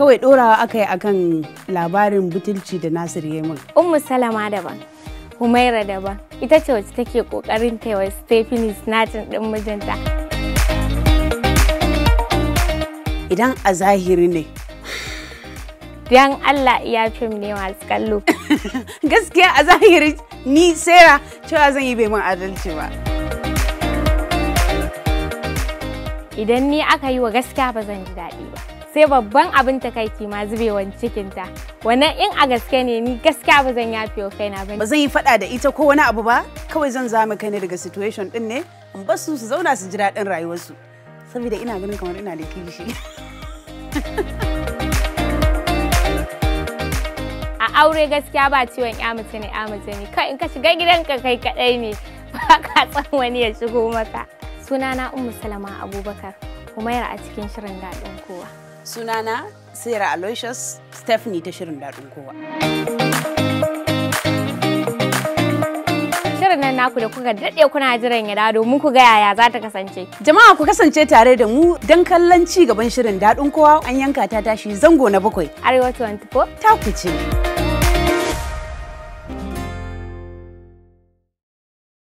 kawai ɗorawa aka yi akan labarin butulci da Nasir ya Ummu Salama daban, Humaira daban, ita ce wacce take ƙoƙarin taiwa Stephanie snatin ɗin mijinta. Idan a zahiri ne, Dan Allah iya fim ne masu kallo. Gaskiya a zahiri ni Sarah cewa zan yi bai mun adalci ba. idan ni aka yi wa gaskiya ba zan ji daɗi ba sai babban abin ta takaici ma zubewan cikinta wannan in a gaske ne ni gaskiya ba zan yafe wa kaina ba ba zan yi faɗa da ita ko wani abu ba kawai zan zama kai ne daga situation din ne in bar su su zauna su ji daɗin rayuwarsu saboda ina ganin kamar ina da kishi a aure gaskiya ba ciwon ya mutane ne ya mutane ne kai in ka shiga gidanka kai kadai ne ba ka san wani ya shigo maka Sunana umu Salama Abubakar, Humaira a cikin shirin daɗin kowa. Sunana Sera Aloysius Stephanie ta shirin daɗin kowa. Shirin nan naku da kuka daɗe kuna jiran ya domin ku ga yaya za ta kasance. Jama'a ku kasance tare da mu don kallon ci gaban shirin daɗin kowa an yanka ta tashi zango na bakwai. Arewa 24 ta ku ce.